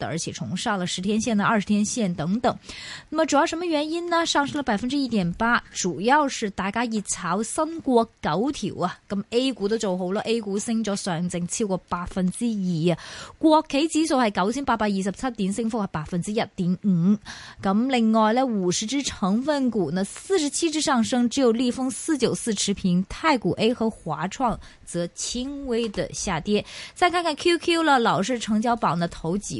而且重上了十天線呢、二十天線等等。那麼主要什麼原因呢？上升了百分之一點八，主要是大家一炒“新國九條”啊，咁 A 股都做好咯，A 股升咗上證超過百分之二啊，國企指數係九千八百二十七點，升幅係百分之一點五。咁另外呢，五十隻成分股呢，四十七隻上升，只有利豐四九四持平，太古 A 和華創則輕微的下跌。再看看 QQ 了，老是成交榜的頭幾。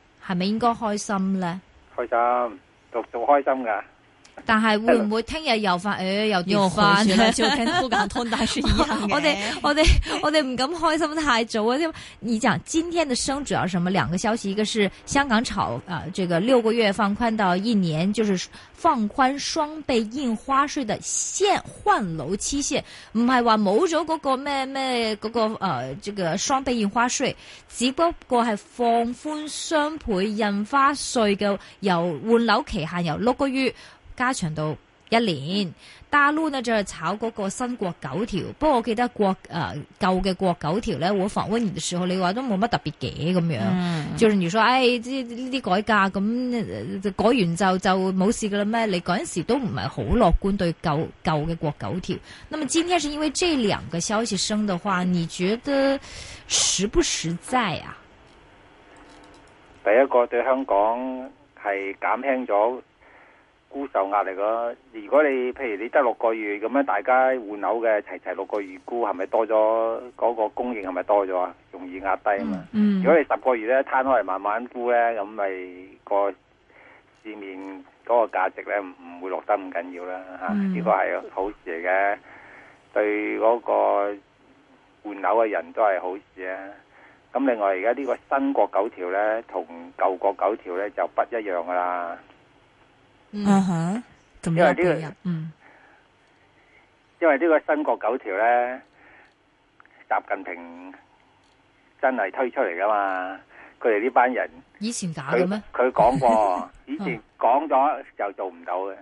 係咪應該開心咧？開心，做做開心噶。但係會唔會聽日又發？誒、呃哎，又跌翻 就聽 啊！我哋 我哋我哋唔敢開心太早啊！因你講今天的升主要什麼？兩個消息，一個是香港炒啊、呃，這個六個月放寬到一年，就是放寬雙倍印花稅的現換樓期限，唔係話冇咗嗰個咩咩嗰個誒，這個雙倍印花稅，只不過係放寬雙倍印花稅嘅由換樓期限由六個月。加長到一年，大陸呢就係、是、炒嗰個新國九條。不過我記得國誒、呃、舊嘅國九條咧，我訪問嘅時候你話都冇乜特別嘅咁樣。就例如說，誒、哎，呢啲改革咁、嗯、改完就就冇事㗎喇咩？你嗰陣時都唔係好樂觀，對舊舊嘅國九條。那麼今天是因為這兩個消息升的話，你覺得實不實在啊？第一個對香港係減輕咗。沽受壓力咯，如果你譬如你得六個月咁大家換樓嘅齊齊六個月沽，係咪多咗嗰個供應？係咪多咗啊？容易壓低啊嘛、嗯。如果你十個月咧攤開嚟，慢慢沽咧，咁咪個市面嗰個價值咧唔會落得咁緊要啦。吓、嗯、呢、啊這個係好事嚟嘅，對嗰個換樓嘅人都係好事啊。咁另外而家呢個新國九條咧，同舊國九條咧就不一樣噶啦。嗯哼，因為呢個，嗯，因為呢個新國九條咧，習近平真係推出嚟噶嘛。佢哋呢班人以前打嘅咩？佢講過，以前講咗就做唔到嘅。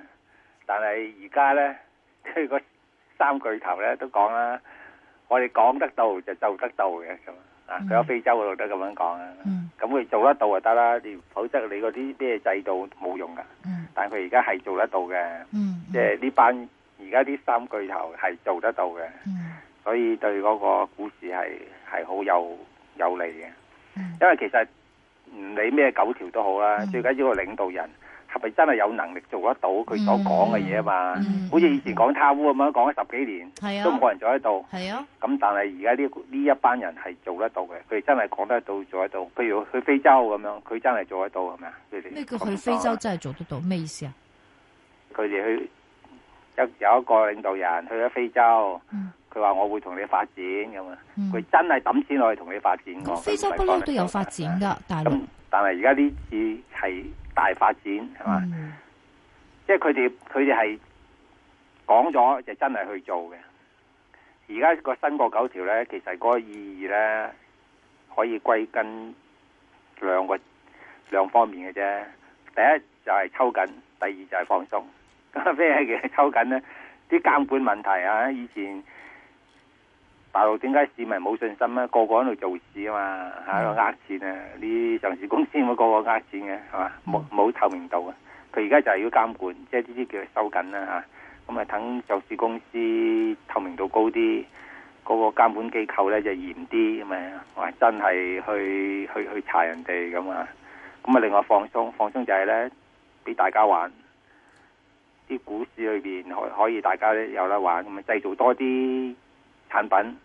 但係而家咧，佢個三巨頭咧都講啦，我哋講得到就做得到嘅咁啊。佢喺非洲度都咁樣講啊。咁佢做得到就得啦。你否則你嗰啲咩制度冇用噶。但佢而家係做得到嘅，嗯，即係呢班而家啲三巨頭係做得到嘅，嗯，所以對嗰個股市係係好有有利嘅，嗯，因為其實唔理咩九條都好啦，嗯，最緊要個領導人。係咪真係有能力做得到佢所講嘅嘢啊？嘛，嗯嗯嗯、好似以前講貪污咁樣講咗十幾年，啊、都冇人做得到。係啊，咁但係而家呢呢一班人係做得到嘅，佢哋真係講得到做得到。譬如去非洲咁樣，佢真係做得到，係咪啊？咩叫去非洲真係做得到？咩意思啊？佢哋去有有一個領導人去咗非洲，佢話我會同你發展咁啊！佢真係抌錢落去同你發展。咁非洲不嬲都有發展噶，大陸。但係而家呢次係。大發展係嘛？是 mm -hmm。即係佢哋佢哋係講咗就係、真係去做嘅。而家個新國九條咧，其實嗰個意義咧，可以歸根兩個兩方面嘅啫。第一就係抽緊，第二就係放鬆。咁咩嘅抽緊咧？啲監管問題啊，以前。大陸點解市民冇信心咧？個個喺度做事啊嘛，喺度呃錢啊！啲上市公司冇個個呃錢嘅係嘛，冇冇透明度現在，就是、啊！佢而家就係要監管，即係呢啲叫收緊啦吓。咁啊，等上市公司透明度高啲，那個個監管機構咧就嚴啲咁啊，真係去去去查人哋咁啊。咁啊，另外放鬆放鬆就係咧，俾大家玩啲股市裏邊可，可以大家有得玩，咁啊製造多啲。產品，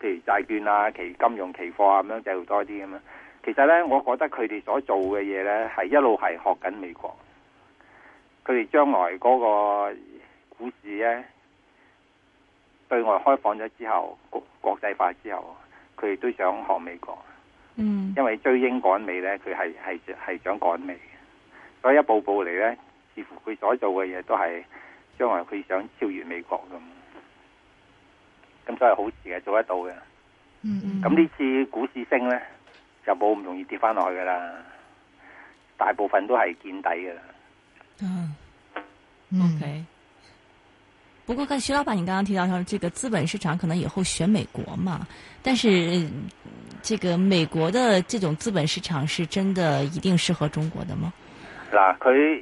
譬如債券啊、期金融、期貨啊咁樣，制度多啲咁啊。其實呢，我覺得佢哋所做嘅嘢呢，係一路係學緊美國。佢哋將來嗰個股市呢，對外開放咗之後，國國際化之後，佢哋都想學美國。嗯。因為追英趕美呢，佢係係係想趕美。所以一步步嚟呢，似乎佢所做嘅嘢都係將來佢想超越美國咁。咁所以好事嘅，做得到嘅。嗯嗯。咁呢次股市升咧，就冇咁容易跌翻落去噶啦。大部分都係見底噶啦、啊。嗯。O K。不過，跟徐老闆，你剛剛提到說，說這個資本市場可能以後選美國嘛？但是，這個美國的這種資本市場是真的一定適合中國的嗎？嗱、啊，佢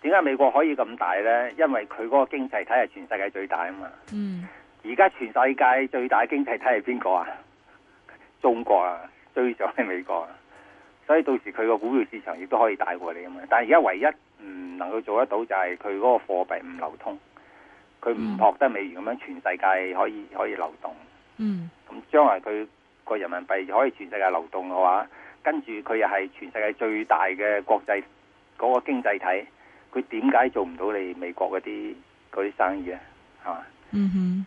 點解美國可以咁大呢？因為佢嗰個經濟體係全世界最大啊嘛。嗯。而家全世界最大的經濟體係邊個啊？中國啊，追咗係美國啊，所以到時佢個股票市場亦都可以帶過你咁樣。但係而家唯一唔能夠做得到就係佢嗰個貨幣唔流通，佢唔撲得美元咁、嗯、樣全世界可以可以流動。嗯，咁將來佢個人民幣可以全世界流動嘅話，跟住佢又係全世界最大嘅國際嗰個經濟體，佢點解做唔到你美國嗰啲嗰啲生意啊？係嘛？嗯哼。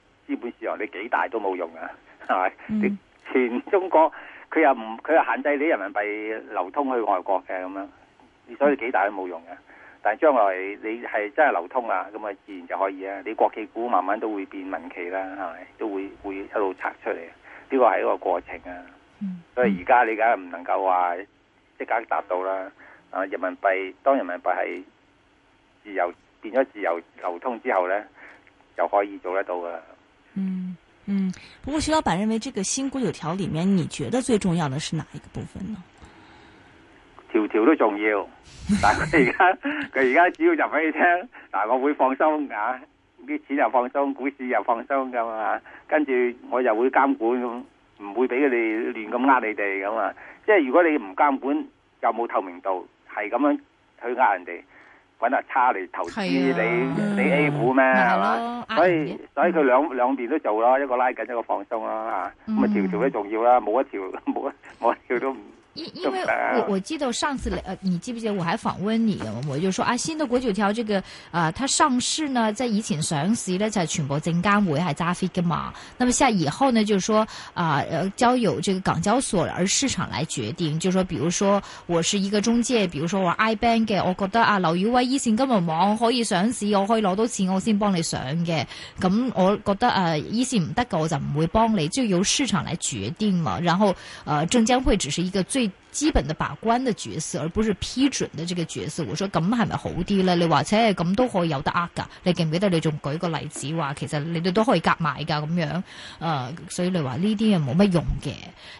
資本市場你幾大都冇用啊，係咪？你、mm. 全中國佢又唔，佢又限制你人民幣流通去外國嘅咁樣，所以幾大都冇用嘅。但係將來你係真係流通啦，咁啊自然就可以啊。你國企股慢慢都會變民企啦，係咪？都會會一路拆出嚟，呢個係一個過程啊。Mm. 所以而家你梗係唔能夠話即刻達到啦。啊，人民幣當人民幣係自由變咗自由流通之後咧，就可以做得到啊。嗯嗯，不過徐老闆認為，這個新國九條裏面，你覺得最重要的是哪一個部分呢？條條都重要，但係而家佢而家主要就俾你聽，嗱我會放鬆啊，啲錢又放鬆，股市又放鬆咁嘛。跟住我又會監管，唔會俾佢哋亂咁呃你哋咁啊。即係如果你唔監管，又冇透明度，係咁樣去呃人哋。揾阿叉嚟投資你，你、啊、你 A 股咩係嘛？所以、嗯、所以佢兩兩邊都做咯，一個拉緊，一個放鬆啦嚇。咁啊條條都重要啦，冇一條冇一，冇一條都唔。因因為我我記得上次來呃，你記不記得我還訪問你？我就說啊，新的國九條這個啊、呃，它上市呢，在以前上市呢就全部證監會係揸 fit 嘅嘛。那麼下以後呢，就是說啊、呃，交由這個港交所而市場來決定，就說，比如說我是一個中介，比如說我 I Bank 嘅，我覺得啊，劉宇威一線根本忙可以上市，我可以攞到錢，我先幫你上嘅。咁、嗯嗯、我覺得啊，一線唔得嘅，我就唔會幫你，就由市場來決定嘛。然後呃，證監會只是一個最。最基本嘅把關嘅角色，而不是批准嘅這個角色。我說咁係咪好啲咧？你話啫，咁、欸、都可以有得呃噶。你記唔記得你仲舉個例子話，其實你哋都可以夾埋噶咁樣。誒、呃，所以你話呢啲嘢冇乜用嘅。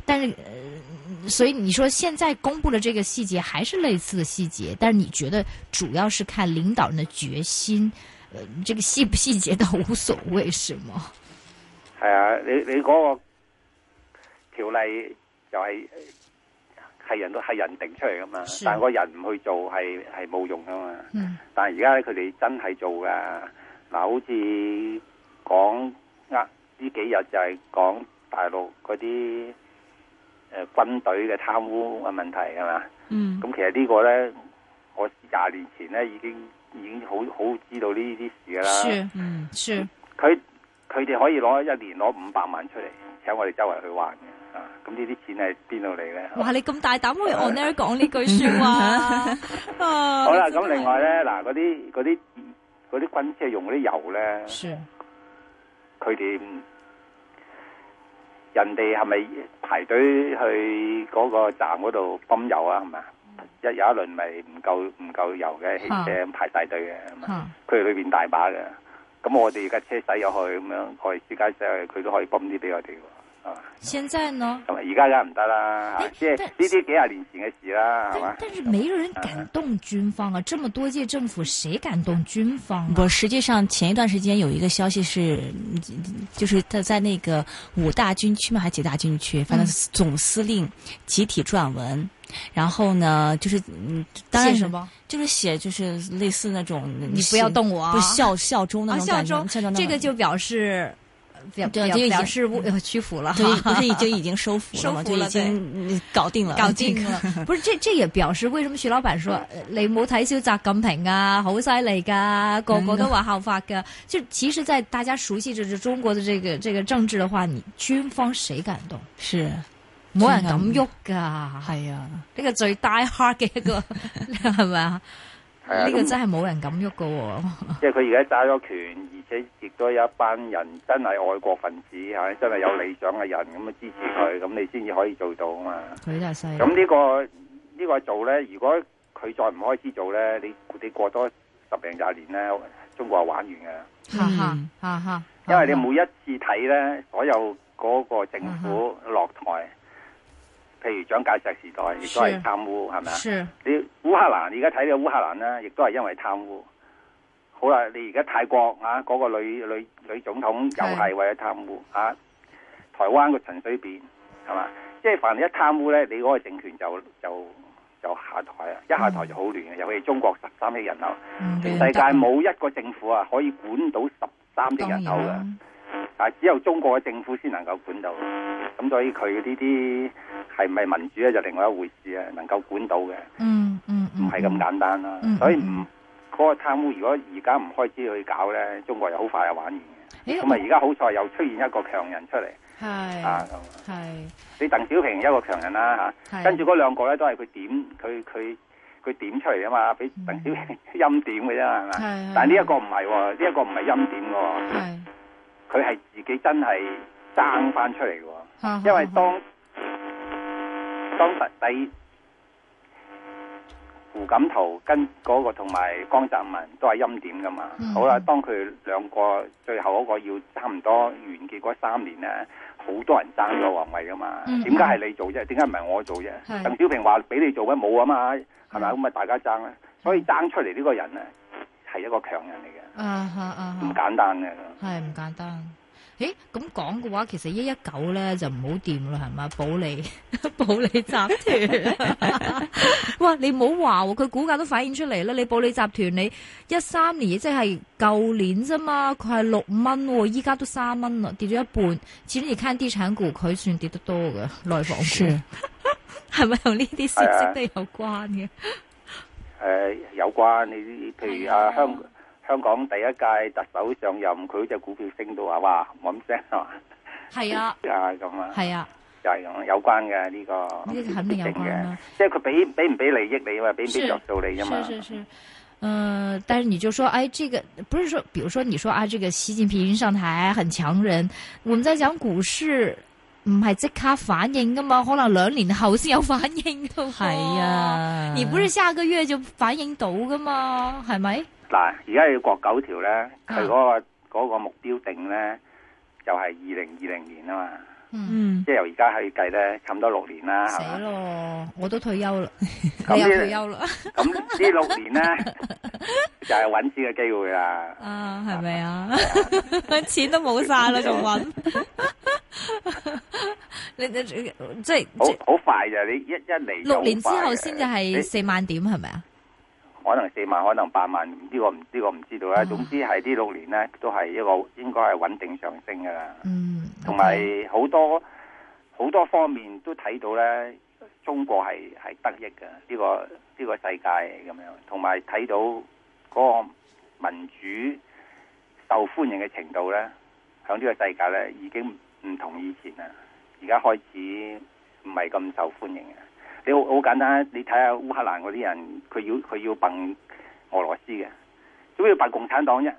但係、呃，所以你說現在公布的這個細節還是類似嘅細節。但係你覺得主要是看領導人的決心，誒、呃，這個細不細節都無所謂，是嗎？係啊，你你嗰個條例就係、是。係人都係人定出嚟噶嘛，但係個人唔去做係係冇用噶嘛。但係而家咧，佢哋真係做噶。嗱，好似講呃呢幾日就係講大陸嗰啲誒軍隊嘅貪污嘅問題係嘛？嗯。咁其實呢個咧，我廿年前咧已經已經好好知道呢啲事噶啦。嗯，佢佢哋可以攞一年攞五百萬出嚟，請我哋周圍去玩嘅。咁、啊、呢啲錢係邊度嚟咧？哇，你咁大膽會 online 講呢句說話？ 啊、好啦，咁、啊、另外咧，嗱，嗰啲嗰啲嗰啲軍車用嗰啲油咧，佢、sure. 哋人哋係咪排隊去嗰個站嗰度泵油啊？係咪？一、mm -hmm. 有一輪咪唔夠唔夠油嘅汽車排晒隊嘅，佢、uh、哋 -huh. 裏邊大把嘅，咁我哋而家車駛入去咁樣，可以私家車佢都可以泵啲俾我哋。哦，現在呢？咁啊，而家梗係唔得啦，即係呢啲幾廿年前嘅事啦，係嘛？但是沒有人敢動軍方啊！這麼多屆政府，誰敢動軍方？不，實際上前一段時間有一個消息是，就是他在那個五大軍區嘛，還幾大軍區，反正總司令集體撰文，然後呢，就是嗯，當然，什麼就是寫就是類似那種，你不要動我啊！不效效忠那種感覺，這個就表示。表表，表示屈、嗯、服了，不是已經已經收服了嗎？收服了？就已經搞定了，搞定了。 不是這這也表示為什麼徐老闆說 你冇睇小習近平啊，好犀利噶，個個都話效法噶。 就其實，在大家熟悉着就這中國的這個這個政治的話，軍方誰敢動？是，冇人敢喐噶。係啊，呢、 啊這個最 die hard 嘅一個係咪？ 呢、這個真係冇人敢喐噶、哦嗯， 即係佢而家揸咗權，而且亦都有一班人真係愛國分子，吓真係有理想嘅人咁樣支持佢，咁你先至可以做到啊嘛。佢就細。咁呢、這個呢、這個做咧，如果佢再唔開始做咧，你你過多十零廿年咧，中國係玩完嘅。哈哈哈哈。因為你每一次睇咧，所有嗰個政府落台。譬如蔣介石時代亦都係貪污，係咪啊？你烏克蘭而家睇到烏克蘭呢，亦都係因為貪污。好啦，你而家泰國啊，嗰、那個女女女總統又係為咗貪污是啊！台灣個陳水扁係嘛？即係、就是、凡你一貪污呢，你嗰個政權就就就下台啊！一下台就好亂嘅、嗯。尤其中國十三億人口，全、嗯、世界冇一個政府啊可以管到十三億人口嘅。但只有中國嘅政府先能夠管到。咁所以佢呢啲。係咪民主咧，就另外一回事啊！能夠管到嘅，嗯嗯，唔係咁簡單啦、啊嗯嗯嗯嗯。所以唔嗰、嗰個貪污，如果而家唔開始去搞咧，中國又好快就玩完嘅。咁啊，而家好彩又出現一個強人出嚟，係啊，係你鄧小平一個強人啦、啊、嚇，跟住嗰兩個咧都係佢點佢佢佢點出嚟啊嘛，俾鄧小平陰、嗯、 點嘅啫係嘛，但係呢一個唔係喎，呢一、呢個唔係陰點喎、哦，佢係自己真係爭翻出嚟喎、哦，因為當。當時第胡錦濤跟嗰個同埋江澤民都係欽點噶嘛、嗯嗯，好啦，當佢兩個最後嗰個要差唔多完結嗰三年咧，好多人爭咗皇位噶嘛點解係你做啫？點解唔係我做啫？鄧小平話俾你做咩冇啊嘛，係咪咁咪大家爭咧？所以爭出嚟呢個人咧係一個強人嚟嘅，嗯嗯嗯吓，啊啊、唔簡單嘅，係唔簡單。誒、欸，咁講嘅話，其實一一九咧就唔好掂啦，係咪？保利，保 利集團。 哇，你唔好話，佢股價都反映出嚟啦。你保利集團，你一三年，即係舊年啫嘛，佢係六蚊，依家都三蚊啦，跌咗一半。始終你看地產股，佢算跌得多㗎。內房股係咪同呢啲消息都有關嘅？誒、哎呃，有關。你譬如啊、哎，香港。香港第一屆特首上任，佢隻股票升到係哇，冇聲係嘛？係啊，係啊，啊，就係、是、咁有關嘅呢、這個、肯、這個這個、定嘅。即係佢俾俾唔俾利益你啊？俾唔俾著數你啫嘛？是是是，嗯、呃。但是你就說，哎，這個不是說，比如說，你說啊，這個習近平上台很強人，我們在講股市唔係即刻反應噶嘛？可能兩年後先有反應都係啊，你不是下個月就反應到噶嘛？係咪？嗱，而家要國九條咧，佢嗰個嗰個目標定咧，就係二零二零年啊嘛，即係由而家去計咧，差唔多六年啦，係嘛？死咯，我都退休啦，佢又退休啦。咁呢六年咧，就係揾錢嘅機會啦。啊，係咪啊？錢都冇晒啦，仲揾？你你即係好好快就你一一嚟六年之後先至係四萬點係咪啊？可能四萬，可能八萬，呢個唔知我唔知道啦。總之係呢六年呢，都係一個應該係穩定上升噶啦。嗯，同埋好多好、okay. 多方面都睇到呢，中國係係得益噶呢、呢個呢、呢個世界咁樣，同埋睇到嗰個民主受歡迎嘅程度呢，響呢個世界呢已經唔同以前啦。而家開始唔係咁受歡迎嘅。你好好簡單，你睇下烏克蘭嗰啲人，佢要佢要掹俄羅斯嘅，主要掹共產黨啫，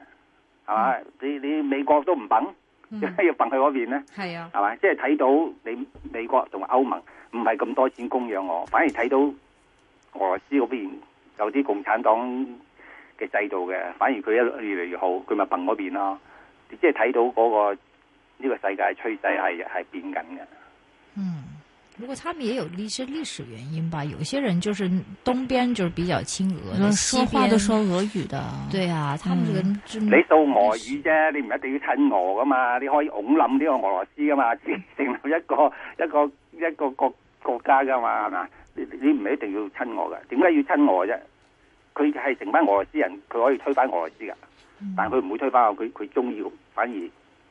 係嘛？Mm. 你你美國都唔掹，點、mm. 解要掹佢嗰邊呢？係、mm. 啊，係嘛？即係睇到你美國同埋歐盟唔係咁多錢供養我，反而睇到俄羅斯嗰邊有啲共產黨嘅制度嘅，反而佢一越嚟越好，佢咪掹嗰邊咯？即係睇到嗰、嗰個呢、呢個世界趨勢係係變緊嘅。嗯、mm. 如果他們也有一些歷史原因吧，有些人就是東邊就是比較親俄，說話都說俄語的。對啊，嗯、他們個你數俄語啫，你唔一定要親俄噶嘛，你可以拱冧呢個俄羅斯噶嘛，形、嗯、成一個一個一個國國家噶嘛，係嘛？你你唔係一定要親俄噶，點解要親俄啫？佢係成班俄羅斯人，佢可以推翻俄羅斯噶、嗯，但係佢唔會推翻我，佢佢中意反而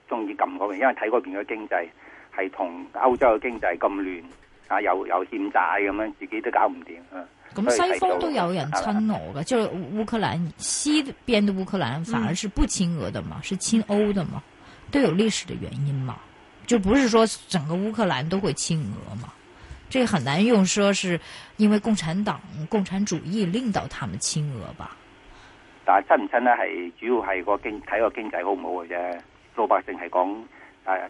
中意咁嗰邊，因為睇嗰邊嘅經濟。係同歐洲嘅經濟咁亂，啊又有，有欠債咁樣，自己都搞唔掂啊！咁西方都有人親俄嘅，就係烏克蘭西邊嘅烏克蘭，克蘭反而是不親俄的嘛，嗯、是親歐的嘛？都有歷史嘅原因嘛？就不是說整個烏克蘭都會親俄嘛？這很難用說，因為共產黨、共產主義令到他們親俄吧？但係親唔親呢？係主要係個經睇個經濟好唔好嘅啫，老百姓係講誒。啊